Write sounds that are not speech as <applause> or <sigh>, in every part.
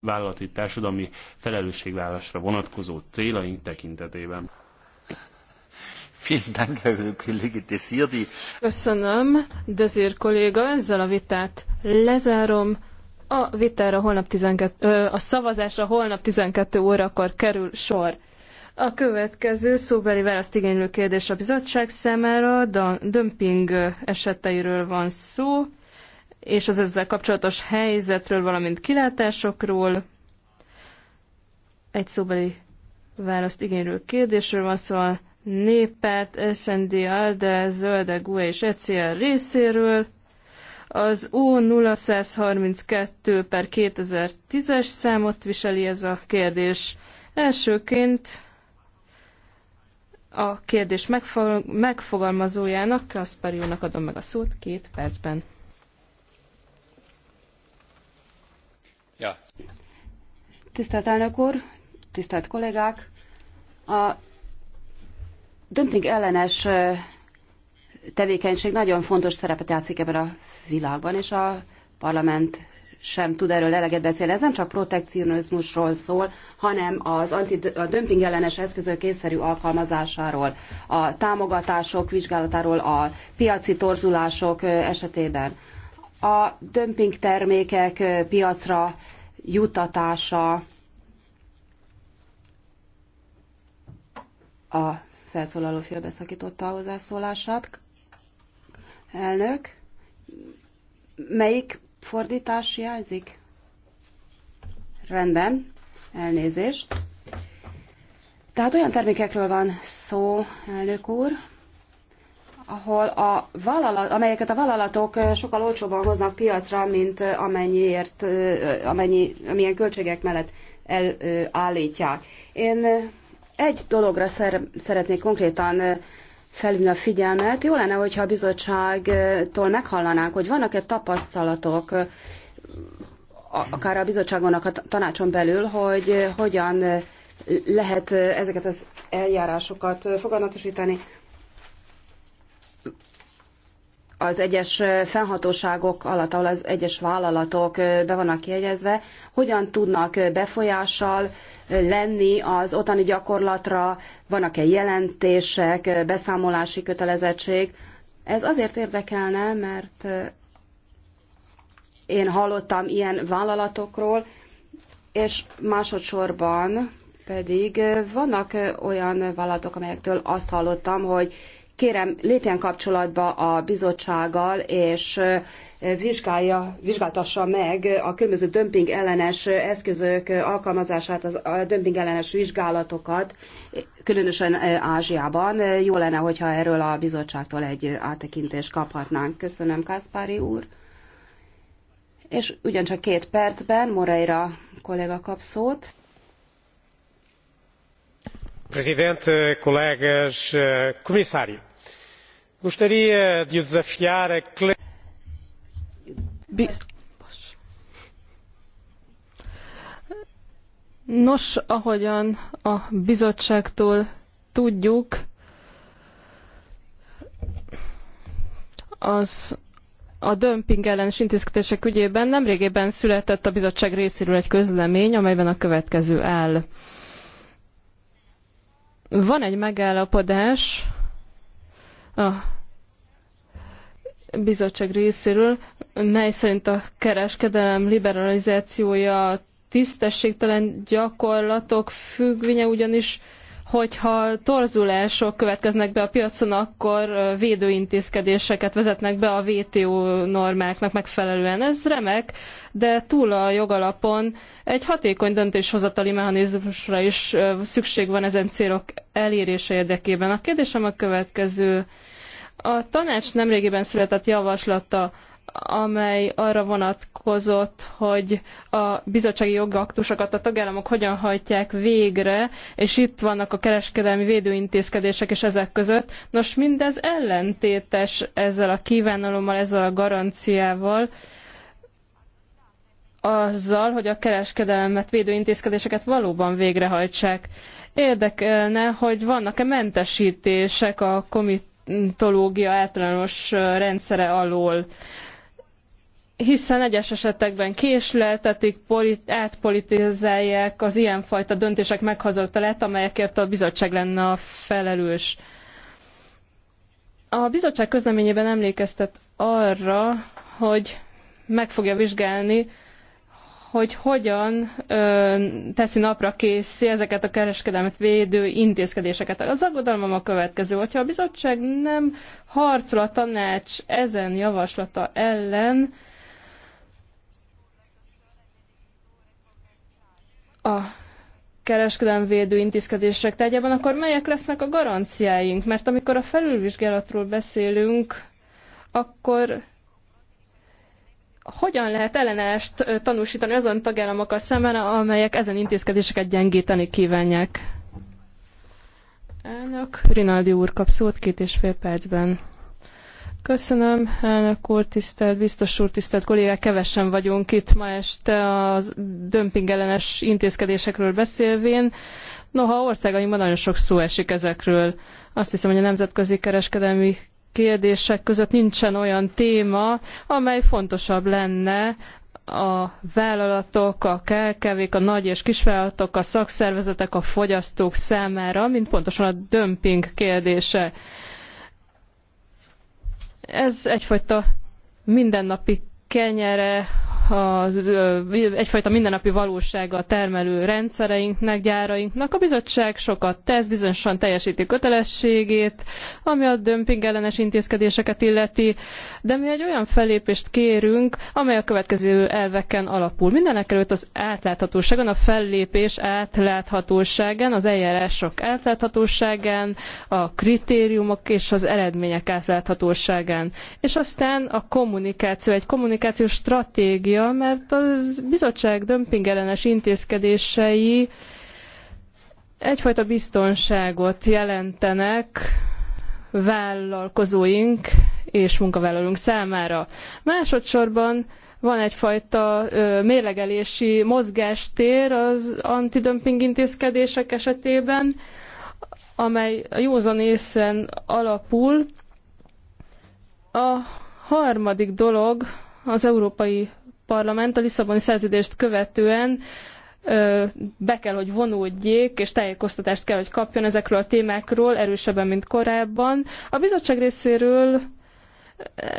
vállalati társadalmi felelősségvállásra vonatkozó célaink tekintetében. Köszönöm, Dezir kolléga, ezzel a vitát lezárom. A vitára holnap 12, a szavazásra holnap 12 órakor kerül sor. A következő szóbeli választ igénylő kérdés a bizottság számára, a dömping eseteiről van szó és az ezzel kapcsolatos helyzetről, valamint kilátásokról. Egy szóbeli választ igénylő kérdésről van szó a néppárt, SND, ALDE, Zölde, GUE és ECR részéről. Az U0132 per 2010-es számot viseli ez a kérdés. Elsőként a kérdés megfogalmazójának, Kasperiónak adom meg a szót két percben. Ja. Tisztelt elnök úr, tisztelt kollégák! A dömping ellenes tevékenység nagyon fontos szerepet játszik ebben a világban, és a parlament sem tud erről eleget beszélni. Ez nem csak protekcionizmusról szól, hanem az anti, a dömping ellenes eszközök észszerű alkalmazásáról, a támogatások vizsgálatáról, a piaci torzulások esetében a dömping termékek piacra juttatása a felszólaló félbeszakította a hozzászólását. Elnök, melyik fordítás hiányzik? Rendben, elnézést. Tehát olyan termékekről van szó, elnök úr, ahol a vállalat, amelyeket a vállalatok eh, sokkal olcsóban hoznak piacra, mint eh, amennyiért, eh, amennyi, amilyen költségek mellett elállítják. Én egy dologra szer, szeretnék konkrétan felhívni a figyelmet. Jó lenne, hogyha a bizottságtól meghallanánk, hogy vannak-e tapasztalatok, akár a bizottságonak a tanácson belül, hogy hogyan lehet ezeket az eljárásokat fogadatosítani, az egyes fennhatóságok alatt, ahol az egyes vállalatok be vannak jegyezve, hogyan tudnak befolyással lenni az otthoni gyakorlatra, vannak-e jelentések, beszámolási kötelezettség. Ez azért érdekelne, mert én hallottam ilyen vállalatokról, és másodszorban pedig vannak olyan vállalatok, amelyektől azt hallottam, hogy Kérem, lépjen kapcsolatba a bizottsággal, és vizsgálja, vizsgáltassa meg a különböző dömping ellenes eszközök alkalmazását, a dömping ellenes vizsgálatokat, különösen Ázsiában. Jó lenne, hogyha erről a bizottságtól egy áttekintést kaphatnánk. Köszönöm, Kászpári úr. És ugyancsak két percben Moreira kollega kap szót. Prezident, colegas, komisszárium! Gostaria de desafiar a Nos, ahogyan a bizottságtól tudjuk, az a dömping ellenes intézkedések ügyében nemrégében született a bizottság részéről egy közlemény, amelyben a következő áll. Van egy megállapodás, a bizottság részéről, mely szerint a kereskedelem liberalizációja tisztességtelen gyakorlatok függvénye, ugyanis hogyha torzulások következnek be a piacon, akkor védőintézkedéseket vezetnek be a VTO normáknak megfelelően. Ez remek, de túl a jogalapon egy hatékony döntéshozatali mechanizmusra is szükség van ezen célok elérése érdekében. A kérdésem a következő. A tanács nemrégiben született javaslata amely arra vonatkozott, hogy a bizottsági jogaktusokat a tagállamok hogyan hajtják végre, és itt vannak a kereskedelmi védőintézkedések és ezek között. Nos, mindez ellentétes ezzel a kívánalommal, ezzel a garanciával, azzal, hogy a kereskedelmet védő intézkedéseket valóban végrehajtsák. Érdekelne, hogy vannak-e mentesítések a komitológia általános rendszere alól hiszen egyes esetekben késleltetik, átpolitizálják az ilyenfajta döntések meghozatalát, amelyekért a bizottság lenne a felelős. A bizottság közleményében emlékeztet arra, hogy meg fogja vizsgálni, hogy hogyan ö, teszi napra készé ezeket a kereskedelmet védő intézkedéseket. Az aggodalmam a következő, hogyha a bizottság nem harcol a tanács ezen javaslata ellen, a kereskedelemvédő intézkedések tárgyában, akkor melyek lesznek a garanciáink? Mert amikor a felülvizsgálatról beszélünk, akkor hogyan lehet ellenállást tanúsítani azon tagállamokkal szemben, amelyek ezen intézkedéseket gyengíteni kívánják? Elnök Rinaldi úr kap szót két és fél percben. Köszönöm, elnök úr, tisztelt biztos úr, tisztelt kollégák, kevesen vagyunk itt ma este a dömpingellenes intézkedésekről beszélvén. Noha országainkban nagyon sok szó esik ezekről. Azt hiszem, hogy a nemzetközi kereskedelmi kérdések között nincsen olyan téma, amely fontosabb lenne a vállalatok, a KKV-k, a nagy és kisvállalatok, a szakszervezetek, a fogyasztók számára, mint pontosan a dömping kérdése. Ez egyfajta mindennapi kenyere az, egyfajta mindennapi valósága a termelő rendszereinknek, gyárainknak. A bizottság sokat tesz, bizonyosan teljesíti kötelességét, ami a dömpingellenes intézkedéseket illeti, de mi egy olyan fellépést kérünk, amely a következő elveken alapul. Mindenek előtt az átláthatóságon, a fellépés átláthatóságán, az eljárások átláthatóságán, a kritériumok és az eredmények átláthatóságán. És aztán a kommunikáció, egy kommunikációs stratégia, Hollandia, mert a bizottság dömpingellenes intézkedései egyfajta biztonságot jelentenek vállalkozóink és munkavállalóink számára. Másodszorban van egyfajta ö, mérlegelési mozgástér az antidömping intézkedések esetében, amely a józan észen alapul. A harmadik dolog az Európai Parlament a Lisszaboni szerződést követően be kell, hogy vonódjék, és tájékoztatást kell, hogy kapjon ezekről a témákról erősebben, mint korábban. A bizottság részéről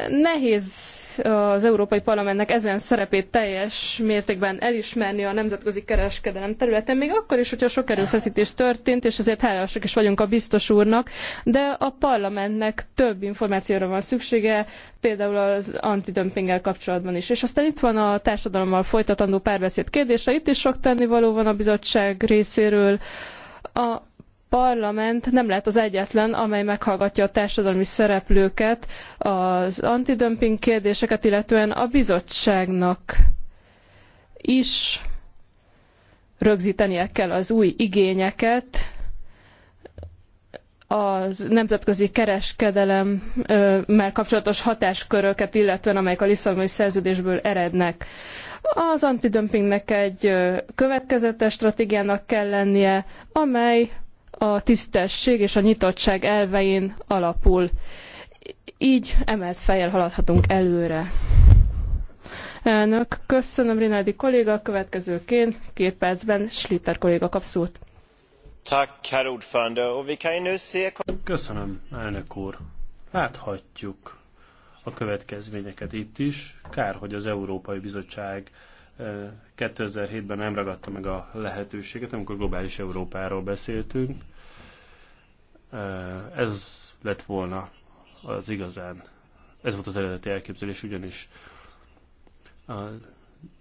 Nehéz az Európai Parlamentnek ezen szerepét teljes mértékben elismerni a nemzetközi kereskedelem területen, még akkor is, hogyha sok erőfeszítés történt, és ezért hálásak is vagyunk a biztos úrnak, de a parlamentnek több információra van szüksége, például az antidömpinggel kapcsolatban is. És aztán itt van a társadalommal folytatandó párbeszéd kérdése, itt is sok tennivaló van a bizottság részéről. A parlament nem lehet az egyetlen, amely meghallgatja a társadalmi szereplőket, az antidömping kérdéseket, illetően a bizottságnak is rögzítenie kell az új igényeket, a nemzetközi kereskedelemmel kapcsolatos hatásköröket, illetően amelyek a Lisszaboni szerződésből erednek. Az antidömpingnek egy következetes stratégiának kell lennie, amely a tisztesség és a nyitottság elvein alapul. Így emelt fejjel haladhatunk előre. Elnök, köszönöm Rinaldi kolléga, következőként két percben Schlitter kolléga kap szót. Köszönöm, elnök úr. Láthatjuk a következményeket itt is. Kár, hogy az Európai Bizottság 2007-ben nem ragadta meg a lehetőséget, amikor globális Európáról beszéltünk. Ez lett volna az igazán, ez volt az eredeti elképzelés, ugyanis a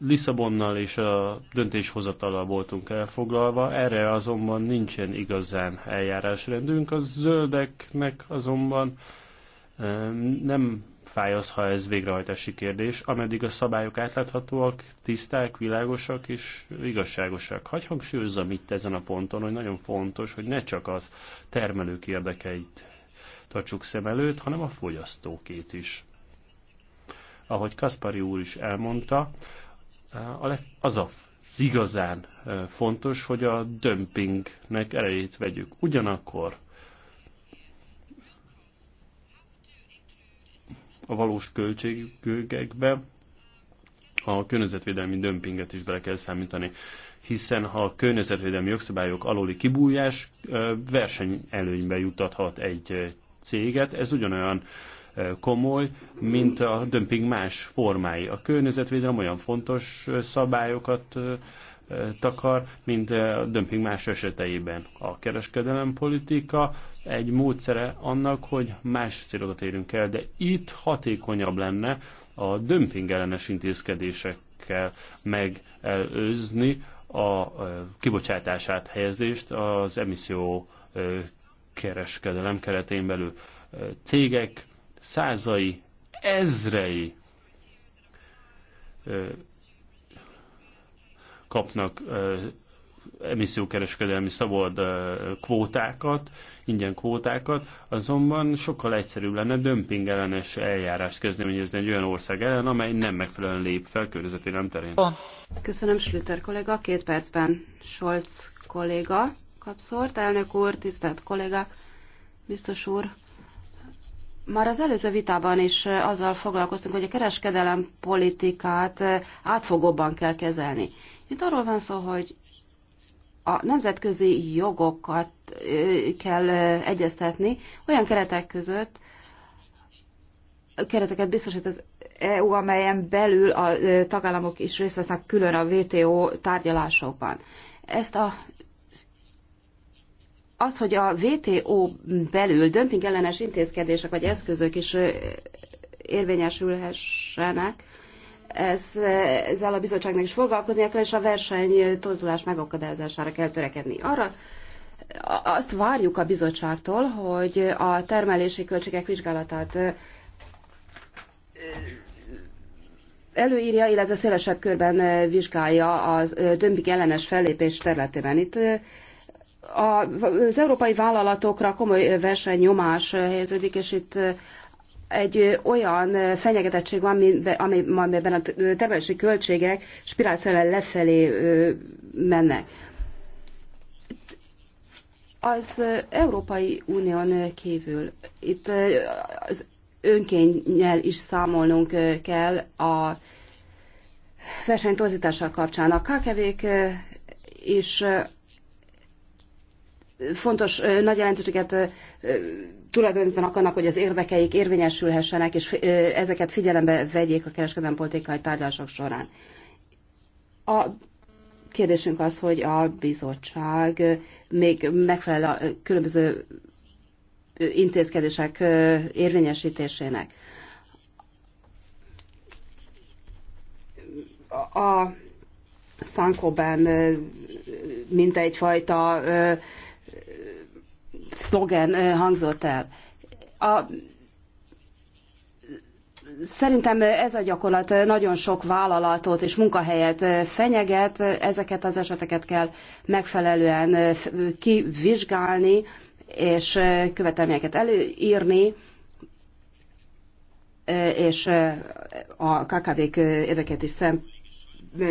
Lisszabonnal és a döntéshozatalal voltunk elfoglalva, erre azonban nincsen igazán eljárásrendünk. A zöldeknek azonban nem fáj az, ha ez végrehajtási kérdés, ameddig a szabályok átláthatóak, tiszták, világosak és igazságosak. Hagy hangsúlyozzam itt ezen a ponton, hogy nagyon fontos, hogy ne csak a termelők érdekeit tartsuk szem előtt, hanem a fogyasztókét is. Ahogy Kaspari úr is elmondta, az a az igazán fontos, hogy a dömpingnek elejét vegyük. Ugyanakkor a valós költségekbe a környezetvédelmi dömpinget is bele kell számítani hiszen ha a környezetvédelmi jogszabályok alóli kibújás versenyelőnybe jutathat egy céget. Ez ugyanolyan komoly, mint a dömping más formái. A környezetvédelem olyan fontos szabályokat takar, mint eh, a dömping más eseteiben. A kereskedelem politika egy módszere annak, hogy más célokat érünk el, de itt hatékonyabb lenne a dömping ellenes intézkedésekkel megelőzni a eh, kibocsátását helyezést az emisszió eh, kereskedelem keretén belül. Cégek százai, ezrei kapnak emissziókereskedelmi szabad kvótákat, ingyen kvótákat, azonban sokkal egyszerűbb lenne dömpingellenes eljárást kezdeményezni egy olyan ország ellen, amely nem megfelelően lép fel környezetvédelem terén. Köszönöm Slüter kollega, két percben Scholz kolléga kapszort, elnök úr, tisztelt kollégák biztos úr, már az előző vitában is azzal foglalkoztunk, hogy a kereskedelem politikát átfogóban kell kezelni. Itt arról van szó, hogy a nemzetközi jogokat kell egyeztetni olyan keretek között, kereteket biztosít az EU, amelyen belül a tagállamok is részt vesznek külön a WTO tárgyalásokban. Ezt a az, hogy a WTO belül dömpingellenes intézkedések vagy eszközök is érvényesülhessenek, ez, ezzel a bizottságnak is foglalkoznia kell, és a verseny torzulás megakadályozására kell törekedni. Arra azt várjuk a bizottságtól, hogy a termelési költségek vizsgálatát előírja, illetve szélesebb körben vizsgálja a dömping ellenes fellépés területében. Itt az európai vállalatokra komoly versenynyomás helyeződik, és itt egy olyan fenyegetettség van, amiben a termelési költségek spirálszerűen lefelé mennek. Az Európai Unión kívül itt az önkényel is számolnunk kell a versenytorzítással kapcsán. A KKV-k fontos, nagy jelentőséget tulajdonítanak annak, hogy az érdekeik érvényesülhessenek, és ezeket figyelembe vegyék a kereskedelmi politikai tárgyalások során. A kérdésünk az, hogy a bizottság még megfelel a különböző intézkedések érvényesítésének. A Szánkóban mint egyfajta szlogen hangzott el. A, szerintem ez a gyakorlat nagyon sok vállalatot és munkahelyet fenyeget, ezeket az eseteket kell megfelelően kivizsgálni, és követelményeket előírni, és a KKV-k érdeket is szem,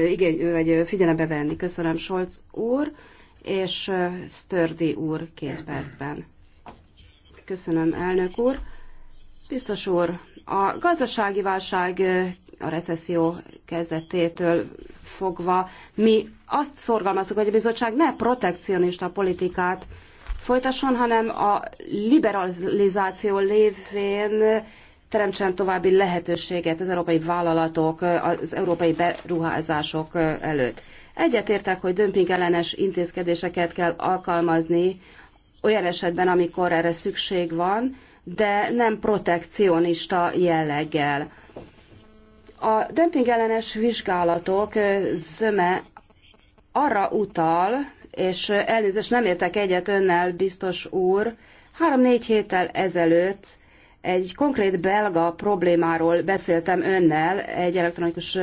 igény, vagy figyelembe venni. Köszönöm, Solc úr és Stördi úr két percben. Köszönöm, elnök úr. Biztos úr, a gazdasági válság a recesszió kezdetétől fogva mi azt szorgalmazunk, hogy a bizottság ne protekcionista politikát folytasson, hanem a liberalizáció lévén teremtsen további lehetőséget az európai vállalatok, az európai beruházások előtt. Egyetértek, hogy dömping ellenes intézkedéseket kell alkalmazni olyan esetben, amikor erre szükség van, de nem protekcionista jelleggel. A dömping ellenes vizsgálatok zöme arra utal, és elnézést nem értek egyet önnel, biztos úr, három-négy héttel ezelőtt egy konkrét belga problémáról beszéltem önnel egy elektronikus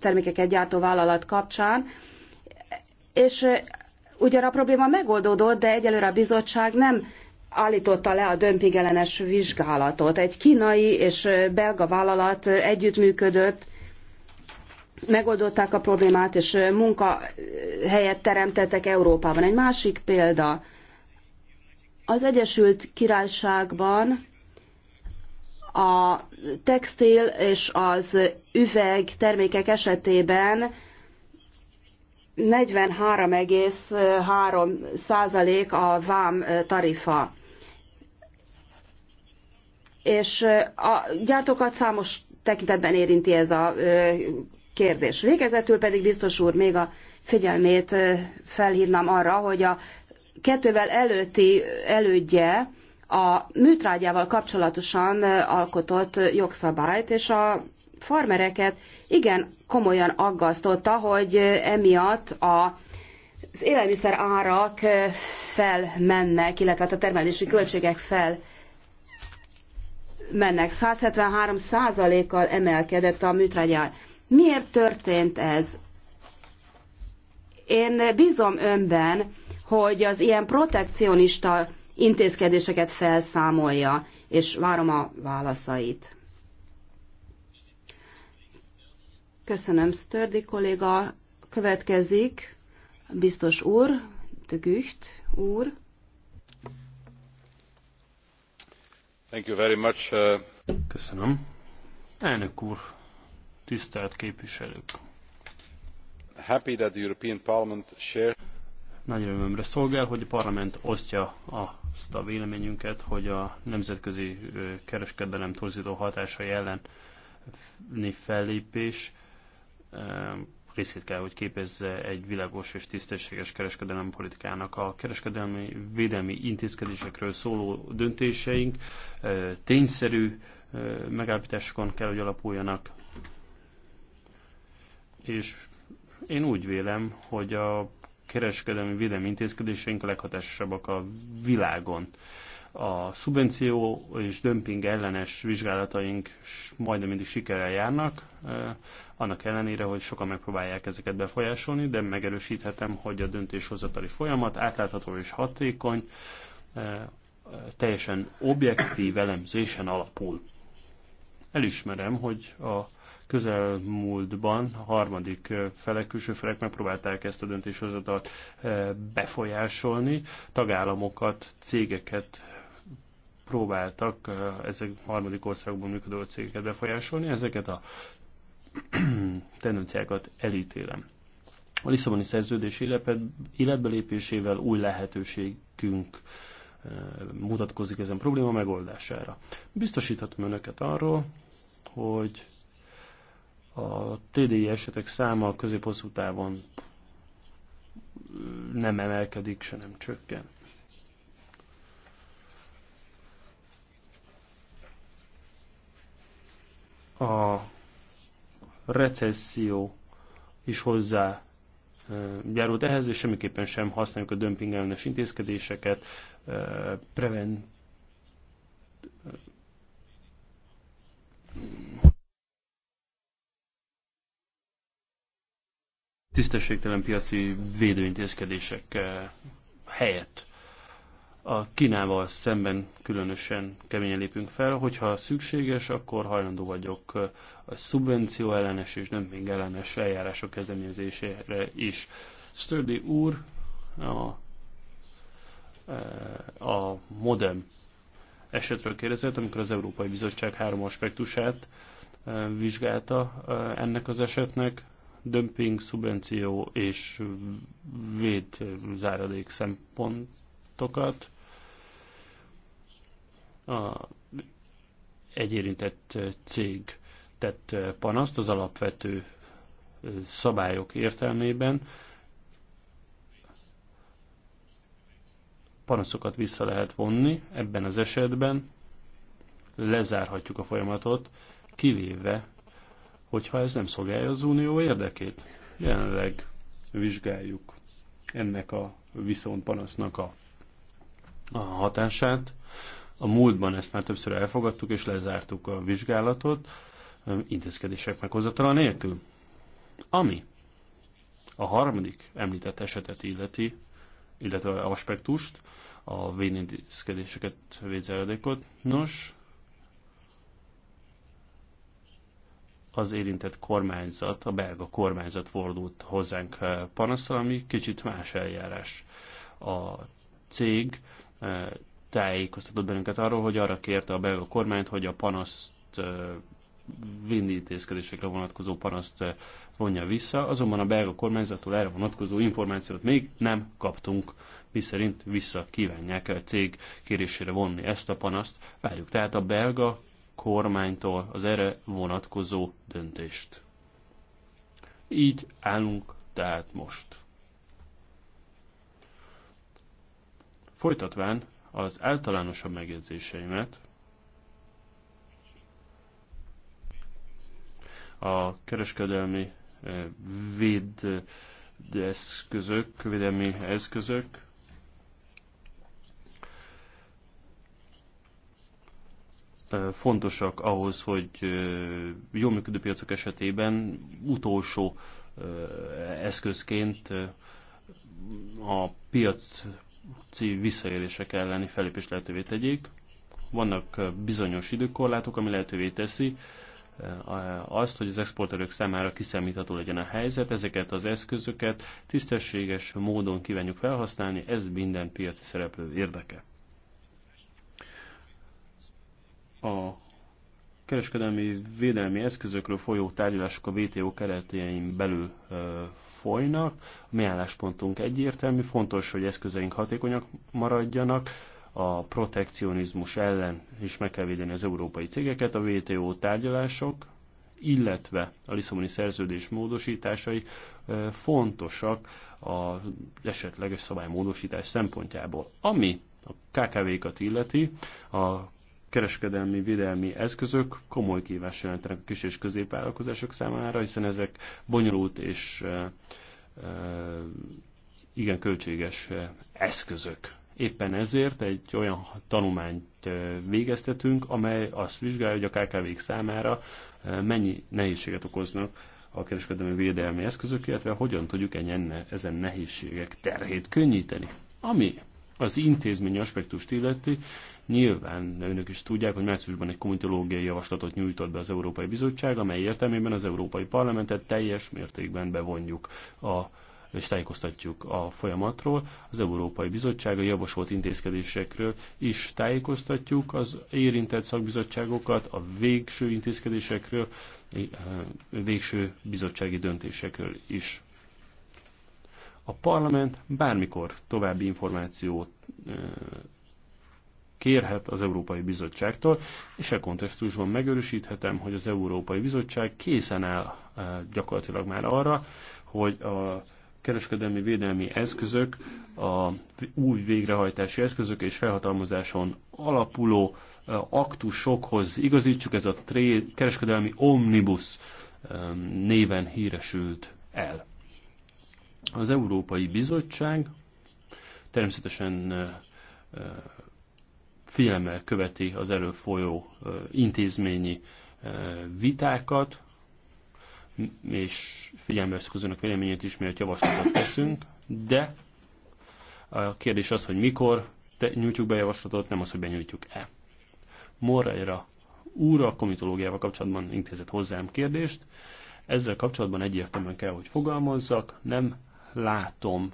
termékeket gyártó vállalat kapcsán, és ugyan a probléma megoldódott, de egyelőre a bizottság nem állította le a dömpingellenes vizsgálatot. Egy kínai és belga vállalat együttműködött, megoldották a problémát, és munkahelyet teremtettek Európában. Egy másik példa, az Egyesült Királyságban a textil és az üveg termékek esetében 43,3 százalék a vám tarifa. És a gyártókat számos tekintetben érinti ez a kérdés. Végezetül pedig biztos úr még a figyelmét felhívnám arra, hogy a kettővel előtti elődje a műtrágyával kapcsolatosan alkotott jogszabályt, és a farmereket igen komolyan aggasztotta, hogy emiatt a az élelmiszer árak felmennek, illetve hát a termelési költségek fel mennek. 173 százalékkal emelkedett a műtrágyár. Miért történt ez? Én bízom önben, hogy az ilyen protekcionista intézkedéseket felszámolja, és várom a válaszait. Köszönöm, Stördi kolléga. Következik biztos úr, de Gücht úr. Thank you very much. Uh, Köszönöm. Elnök úr, tisztelt képviselők! Happy that the European Parliament shares nagy örömömre szolgál, hogy a parlament osztja azt a véleményünket, hogy a nemzetközi kereskedelem torzító hatásai ellen fellépés részét kell, hogy képezze egy világos és tisztességes kereskedelem politikának. A kereskedelmi védelmi intézkedésekről szóló döntéseink tényszerű megállapításokon kell, hogy alapuljanak. És én úgy vélem, hogy a kereskedelmi védelmi intézkedéseink a leghatásosabbak a világon. A szubvenció és dömping ellenes vizsgálataink majdnem mindig sikerrel járnak, annak ellenére, hogy sokan megpróbálják ezeket befolyásolni, de megerősíthetem, hogy a döntéshozatali folyamat átlátható és hatékony, teljesen objektív elemzésen alapul. Elismerem, hogy a közelmúltban harmadik felek, külső felek megpróbálták ezt a döntéshozatat befolyásolni, tagállamokat, cégeket próbáltak ezek harmadik országban működő cégeket befolyásolni, ezeket a <clears throat> tendenciákat elítélem. A Lisszaboni szerződés lépésével új lehetőségünk mutatkozik ezen probléma megoldására. Biztosíthatom önöket arról, hogy a TDI esetek száma a középhosszú távon nem emelkedik, se nem csökken. A recesszió is hozzá járult ehhez, és semmiképpen sem használjuk a dömping ellenes intézkedéseket, prevent tisztességtelen piaci védőintézkedések eh, helyett a Kínával szemben különösen keményen lépünk fel, hogyha szükséges, akkor hajlandó vagyok eh, a szubvenció ellenes és nem még ellenes eljárások kezdeményezésére is. Sturdy úr a, eh, a modem esetről kérdezett, amikor az Európai Bizottság három aspektusát vizsgálta ennek az esetnek, dömping, szubvenció és védzáradék szempontokat. A egy érintett cég tett panaszt az alapvető szabályok értelmében. Panaszokat vissza lehet vonni ebben az esetben, lezárhatjuk a folyamatot, kivéve hogyha ez nem szolgálja az unió érdekét. Jelenleg vizsgáljuk ennek a viszontpanasznak a, a hatását. A múltban ezt már többször elfogadtuk és lezártuk a vizsgálatot intézkedések meghozatala nélkül. Ami a harmadik említett esetet illeti, illetve aspektust, a védintézkedéseket, védzáradékot. Nos, az érintett kormányzat, a belga kormányzat fordult hozzánk eh, panaszsal, ami kicsit más eljárás. A cég eh, tájékoztatott bennünket arról, hogy arra kérte a belga kormányt, hogy a panaszt eh, vindítészkedésekre vonatkozó panaszt vonja vissza, azonban a belga kormányzattól erre vonatkozó információt még nem kaptunk, miszerint vissza kívánják a cég kérésére vonni ezt a panaszt. Várjuk tehát a belga kormánytól az erre vonatkozó döntést. Így állunk tehát most. Folytatván az általánosabb megjegyzéseimet, a kereskedelmi eh, védeszközök, eh, védelmi eszközök fontosak ahhoz, hogy jól működő piacok esetében utolsó eszközként a piaci visszaélések elleni felépést lehetővé tegyék. Vannak bizonyos időkorlátok, ami lehetővé teszi azt, hogy az exportőrök számára kiszámítható legyen a helyzet, ezeket az eszközöket tisztességes módon kívánjuk felhasználni, ez minden piaci szereplő érdeke a kereskedelmi védelmi eszközökről folyó tárgyalások a WTO keretein belül ö, folynak. A mi álláspontunk egyértelmű, fontos, hogy eszközeink hatékonyak maradjanak, a protekcionizmus ellen is meg kell védeni az európai cégeket, a WTO tárgyalások, illetve a Lisszaboni szerződés módosításai ö, fontosak az esetleges szabálymódosítás szempontjából. Ami a KKV-kat illeti, a kereskedelmi védelmi eszközök komoly kívás jelentenek a kis és középvállalkozások számára, hiszen ezek bonyolult és igen költséges eszközök. Éppen ezért egy olyan tanulmányt végeztetünk, amely azt vizsgálja, hogy a kkv számára mennyi nehézséget okoznak a kereskedelmi védelmi eszközök, illetve hogyan tudjuk ezen nehézségek terhét könnyíteni. Ami az intézmény aspektust illeti, nyilván önök is tudják, hogy márciusban egy komitológiai javaslatot nyújtott be az Európai Bizottság, amely értelmében az Európai Parlamentet teljes mértékben bevonjuk a és tájékoztatjuk a folyamatról. Az Európai Bizottság a javasolt intézkedésekről is tájékoztatjuk az érintett szakbizottságokat a végső intézkedésekről, végső bizottsági döntésekről is. A parlament bármikor további információt kérhet az Európai Bizottságtól, és e kontextusban megörösíthetem, hogy az Európai Bizottság készen áll gyakorlatilag már arra, hogy a kereskedelmi védelmi eszközök, a új végrehajtási eszközök és felhatalmazáson alapuló aktusokhoz igazítsuk, ez a kereskedelmi omnibus néven híresült el. Az Európai Bizottság természetesen figyelemmel követi az előfolyó intézményi vitákat, és figyelemmel eszközönök véleményét is, miért javaslatot teszünk, de a kérdés az, hogy mikor te nyújtjuk be a javaslatot, nem az, hogy benyújtjuk-e. Moreira úr a komitológiával kapcsolatban intézett hozzám kérdést. Ezzel kapcsolatban egyértelműen kell, hogy fogalmazzak, nem látom.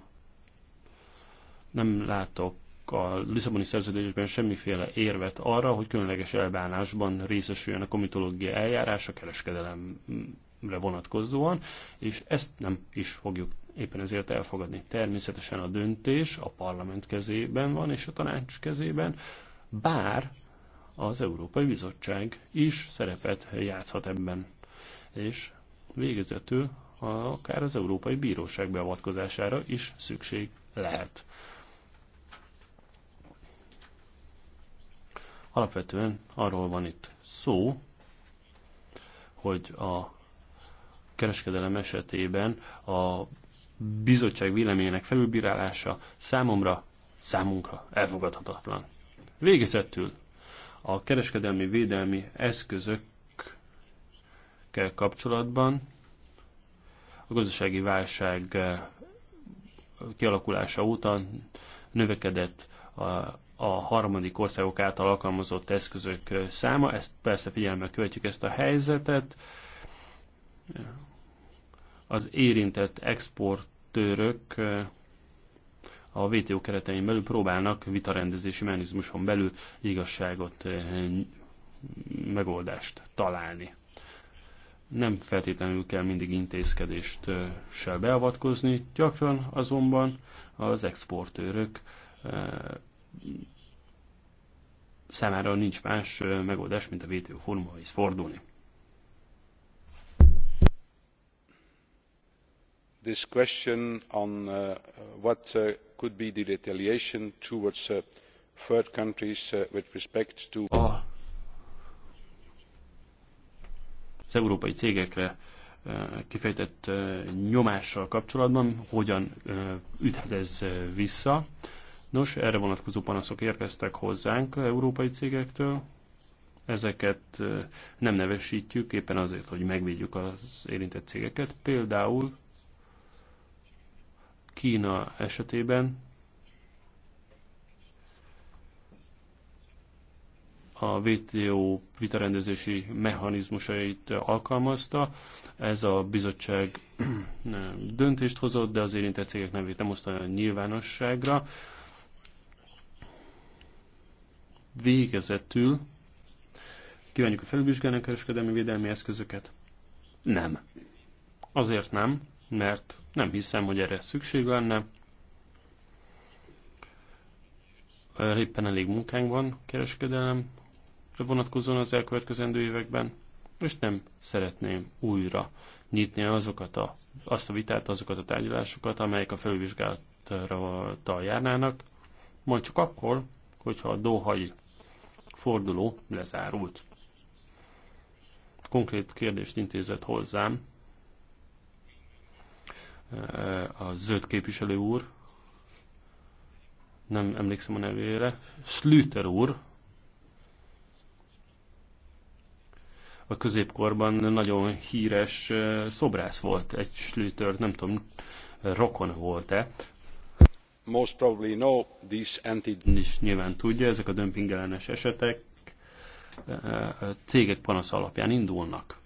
Nem látok a Lisszaboni szerződésben semmiféle érvet arra, hogy különleges elbánásban részesüljön a komitológia eljárás a kereskedelemre vonatkozóan, és ezt nem is fogjuk éppen ezért elfogadni. Természetesen a döntés a parlament kezében van és a tanács kezében, bár az Európai Bizottság is szerepet játszhat ebben. És végezetül akár az Európai Bíróság beavatkozására is szükség lehet. Alapvetően arról van itt szó, hogy a kereskedelem esetében a bizottság véleményének felülbírálása számomra, számunkra elfogadhatatlan. Végezetül a kereskedelmi védelmi eszközökkel kapcsolatban a gazdasági válság eh, kialakulása óta növekedett a, a harmadik országok által alkalmazott eszközök eh, száma. Ezt persze figyelemmel követjük ezt a helyzetet. Az érintett exportőrök eh, a WTO keretein belül próbálnak vitarendezési mechanizmuson belül igazságot, megoldást találni nem feltétlenül kell mindig intézkedést se beavatkozni, gyakran azonban az exportőrök számára nincs más megoldás, mint a WTO fórumhoz fordulni. This question on uh, what uh, could be the retaliation towards uh, third countries uh, with respect to a az európai cégekre kifejtett nyomással kapcsolatban, hogyan üthet ez vissza. Nos, erre vonatkozó panaszok érkeztek hozzánk európai cégektől, ezeket nem nevesítjük, éppen azért, hogy megvédjük az érintett cégeket. Például Kína esetében a WTO vitarendezési mechanizmusait alkalmazta. Ez a bizottság <clears throat> döntést hozott, de az érintett cégek nevét nem hozta a nyilvánosságra. Végezetül kívánjuk a felvizsgálni a kereskedelmi védelmi eszközöket? Nem. Azért nem, mert nem hiszem, hogy erre szükség lenne. Éppen elég munkánk van kereskedelem vonatkozóan az elkövetkezendő években, és nem szeretném újra nyitni azokat a, azt a vitát, azokat a tárgyalásokat, amelyek a felülvizsgálattal járnának, majd csak akkor, hogyha a dohai forduló lezárult. Konkrét kérdést intézett hozzám eh, a zöld képviselő úr, nem emlékszem a nevére, Slüter úr, a középkorban nagyon híres szobrász volt, egy slütör, nem tudom, rokon volt-e. Most probably no, these anti... is nyilván tudja, ezek a dömpingellenes esetek cégek panasz alapján indulnak.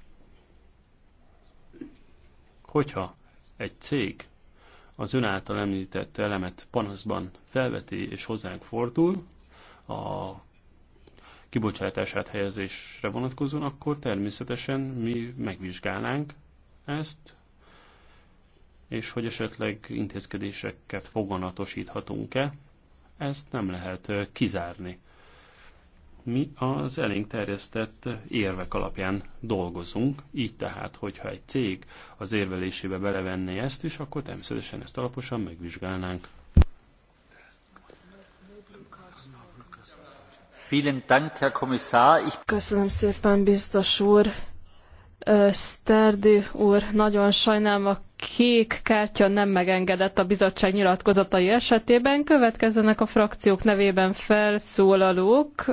Hogyha egy cég az ön által említett elemet panaszban felveti és hozzánk fordul, a kibocsátását helyezésre vonatkozóan, akkor természetesen mi megvizsgálnánk ezt, és hogy esetleg intézkedéseket foganatosíthatunk-e, ezt nem lehet kizárni. Mi az elénk terjesztett érvek alapján dolgozunk, így tehát, hogyha egy cég az érvelésébe belevenné ezt is, akkor természetesen ezt alaposan megvizsgálnánk. Köszönöm szépen, biztos úr. Sterdi úr, nagyon sajnálom, a kék kártya nem megengedett a bizottság nyilatkozatai esetében. Következzenek a frakciók nevében felszólalók.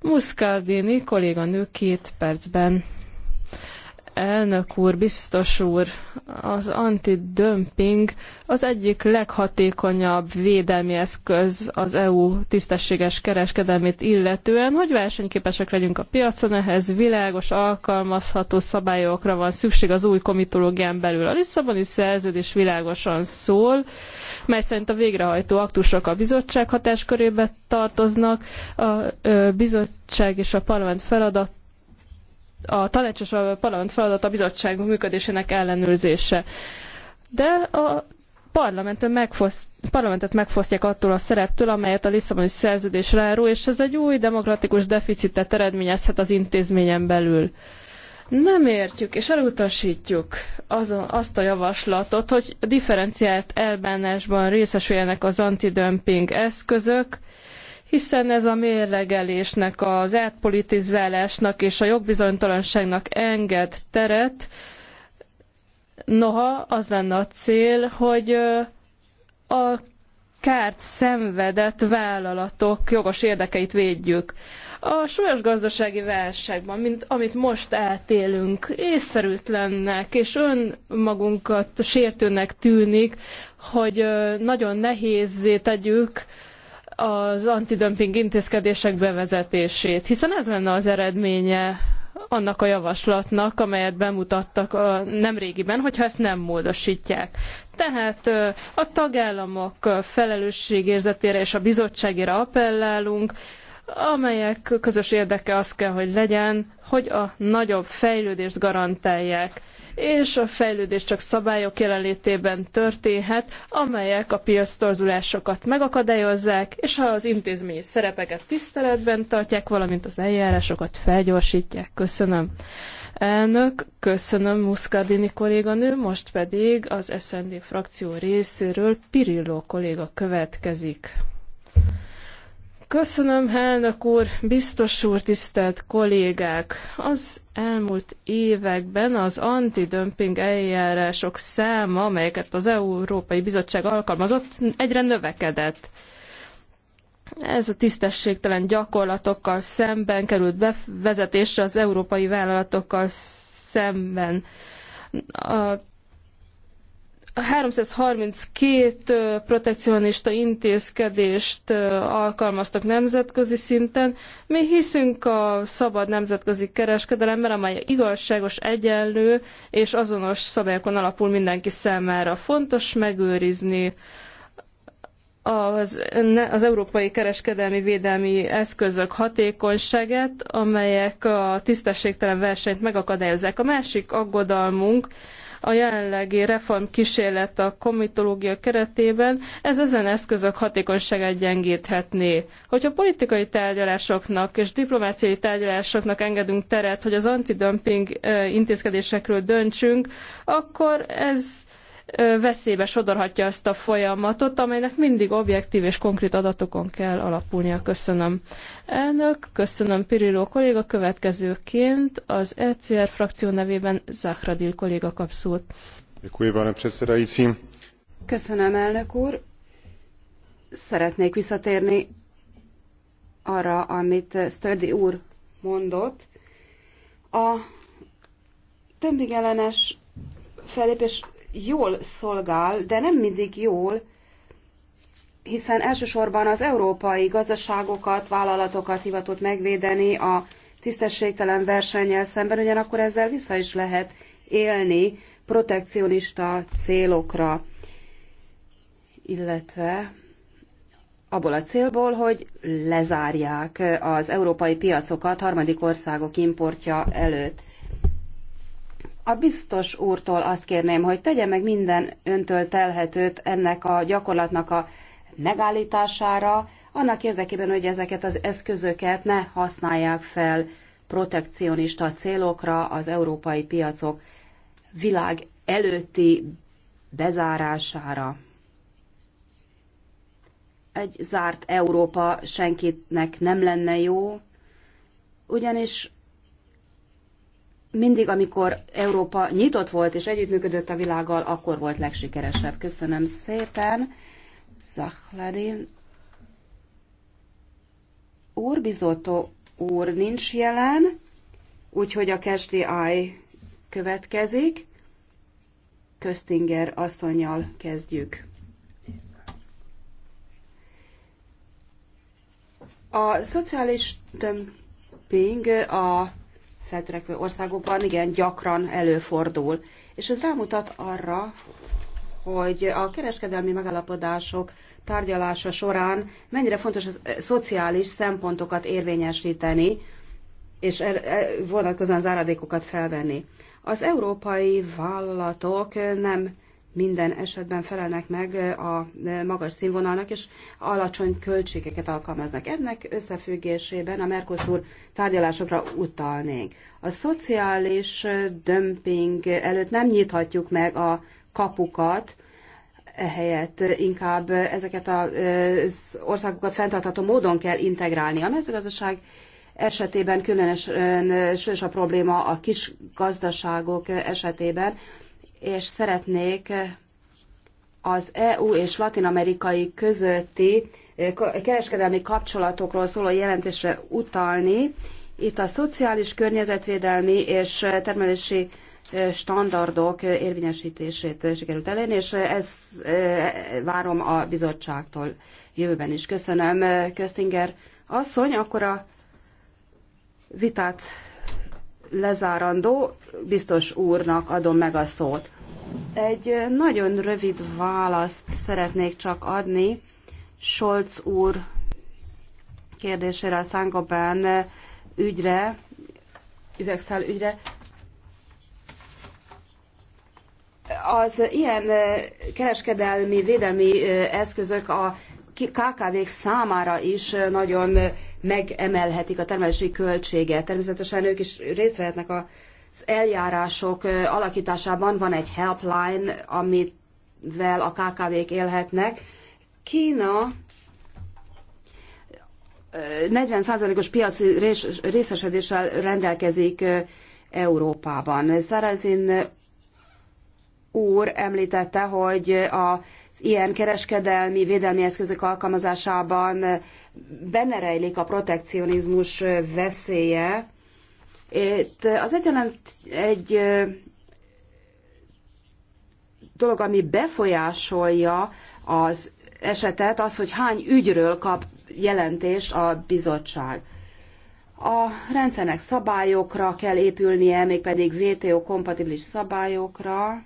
Muscardini kolléganő két percben. Elnök úr, biztos úr, az antidömping az egyik leghatékonyabb védelmi eszköz az EU tisztességes kereskedelmét illetően, hogy versenyképesek legyünk a piacon, ehhez világos, alkalmazható szabályokra van szükség az új komitológián belül. A Lisszaboni szerződés világosan szól, mely szerint a végrehajtó aktusok a bizottság hatáskörébe tartoznak, a bizottság és a parlament feladat a tanács és a parlament feladata a bizottság működésének ellenőrzése. De a parlamentet, megfoszt, parlamentet megfosztják attól a szereptől, amelyet a Lisszaboni szerződés ráró, és ez egy új demokratikus deficitet eredményezhet az intézményen belül. Nem értjük és elutasítjuk azon, azt a javaslatot, hogy differenciált elbánásban részesüljenek az antidömping eszközök, hiszen ez a mérlegelésnek, az átpolitizálásnak és a jogbizonytalanságnak enged teret, noha az lenne a cél, hogy a kárt szenvedett vállalatok jogos érdekeit védjük. A súlyos gazdasági válságban, mint amit most átélünk, észszerűtlennek és önmagunkat sértőnek tűnik, hogy nagyon nehézzé tegyük az antidömping intézkedések bevezetését, hiszen ez lenne az eredménye annak a javaslatnak, amelyet bemutattak a nemrégiben, hogyha ezt nem módosítják. Tehát a tagállamok felelősségérzetére és a bizottságra appellálunk, amelyek közös érdeke az kell, hogy legyen, hogy a nagyobb fejlődést garantálják és a fejlődés csak szabályok jelenlétében történhet, amelyek a piac megakadályozzák, és ha az intézményi szerepeket tiszteletben tartják, valamint az eljárásokat felgyorsítják. Köszönöm. Elnök, köszönöm Muscardini kolléganő, most pedig az SND frakció részéről Pirillo kolléga következik. Köszönöm, elnök úr, biztos úr, tisztelt kollégák! Az elmúlt években az antidömping eljárások száma, amelyeket az Európai Bizottság alkalmazott, egyre növekedett. Ez a tisztességtelen gyakorlatokkal szemben került bevezetésre az európai vállalatokkal szemben. A 332 protekcionista intézkedést alkalmaztak nemzetközi szinten. Mi hiszünk a szabad nemzetközi kereskedelemben, amely igazságos, egyenlő és azonos szabályokon alapul mindenki számára. Fontos megőrizni az, az európai kereskedelmi védelmi eszközök hatékonyságát, amelyek a tisztességtelen versenyt megakadályozzák. A másik aggodalmunk, a jelenlegi reformkísérlet a komitológia keretében, ez ezen eszközök hatékonyságát gyengíthetné. Hogyha politikai tárgyalásoknak és diplomáciai tárgyalásoknak engedünk teret, hogy az antidömping intézkedésekről döntsünk, akkor ez veszélybe sodorhatja ezt a folyamatot, amelynek mindig objektív és konkrét adatokon kell alapulnia. Köszönöm. Elnök, köszönöm Pirilló kolléga. Következőként az ECR frakció nevében Záhradil kolléga kap szót. Köszönöm, elnök úr. Szeretnék visszatérni arra, amit Sturdy úr mondott. A tömbigellenes fellépés jól szolgál, de nem mindig jól, hiszen elsősorban az európai gazdaságokat, vállalatokat hivatott megvédeni a tisztességtelen versennyel szemben, ugyanakkor ezzel vissza is lehet élni protekcionista célokra, illetve abból a célból, hogy lezárják az európai piacokat harmadik országok importja előtt. A biztos úrtól azt kérném, hogy tegye meg minden öntől telhetőt ennek a gyakorlatnak a megállítására, annak érdekében, hogy ezeket az eszközöket ne használják fel protekcionista célokra az európai piacok világ előtti bezárására. Egy zárt Európa senkinek nem lenne jó, ugyanis mindig, amikor Európa nyitott volt és együttműködött a világgal, akkor volt legsikeresebb. Köszönöm szépen. Zahladin úr, Bizotto úr nincs jelen, úgyhogy a Aj következik. Köztinger asszonyjal kezdjük. A szociális dömping a feltörekvő országokban igen gyakran előfordul. És ez rámutat arra, hogy a kereskedelmi megállapodások tárgyalása során mennyire fontos a eh, szociális szempontokat érvényesíteni, és er, eh, vonatkozóan az felvenni. Az európai vállalatok nem minden esetben felelnek meg a magas színvonalnak, és alacsony költségeket alkalmaznak. Ennek összefüggésében a Mercosur tárgyalásokra utalnék. A szociális dömping előtt nem nyithatjuk meg a kapukat, ehelyett inkább ezeket az országokat fenntartható módon kell integrálni. A mezőgazdaság esetében különösen sős a probléma a kis gazdaságok esetében, és szeretnék az EU és latin-amerikai közötti eh, kereskedelmi kapcsolatokról szóló jelentésre utalni. Itt a szociális, környezetvédelmi és termelési eh, standardok eh, érvényesítését sikerült elérni, és ez várom a bizottságtól jövőben is. Köszönöm, Köztinger asszony, akkor a vitát lezárandó, biztos úrnak adom meg a szót. Egy nagyon rövid választ szeretnék csak adni Scholz úr kérdésére a Szánkobán ügyre, üvegszál ügyre. Az ilyen kereskedelmi, védelmi eszközök a KKV-k számára is nagyon megemelhetik a termelési költséget. Természetesen ők is részt vehetnek az eljárások alakításában. Van egy helpline, amivel a KKV-k élhetnek. Kína 40%-os piaci részesedéssel rendelkezik Európában. Szerezin úr említette, hogy a ilyen kereskedelmi védelmi eszközök alkalmazásában benne rejlik a protekcionizmus veszélye. Itt az egyetlen egy dolog, ami befolyásolja az esetet, az, hogy hány ügyről kap jelentést a bizottság. A rendszernek szabályokra kell épülnie, mégpedig WTO kompatibilis szabályokra.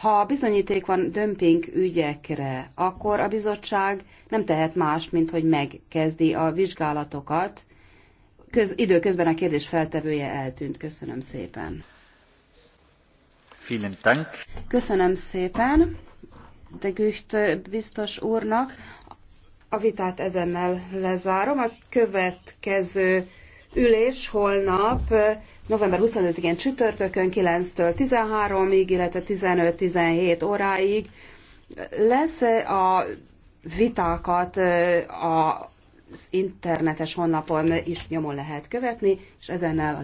Ha bizonyíték van dömping ügyekre, akkor a bizottság nem tehet más, mint hogy megkezdi a vizsgálatokat. Köz, időközben a kérdés feltevője eltűnt. Köszönöm szépen. Köszönöm szépen de Gücht biztos úrnak. A vitát ezennel lezárom. A következő ülés holnap november 25-én csütörtökön 9-től 13-ig, illetve 15-17 óráig lesz a vitákat az internetes honlapon is nyomon lehet követni, és ezennel